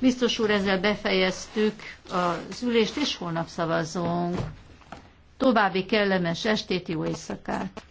Biztos úr, ezzel befejeztük az ülést, és holnap szavazunk. További kellemes estét, jó éjszakát!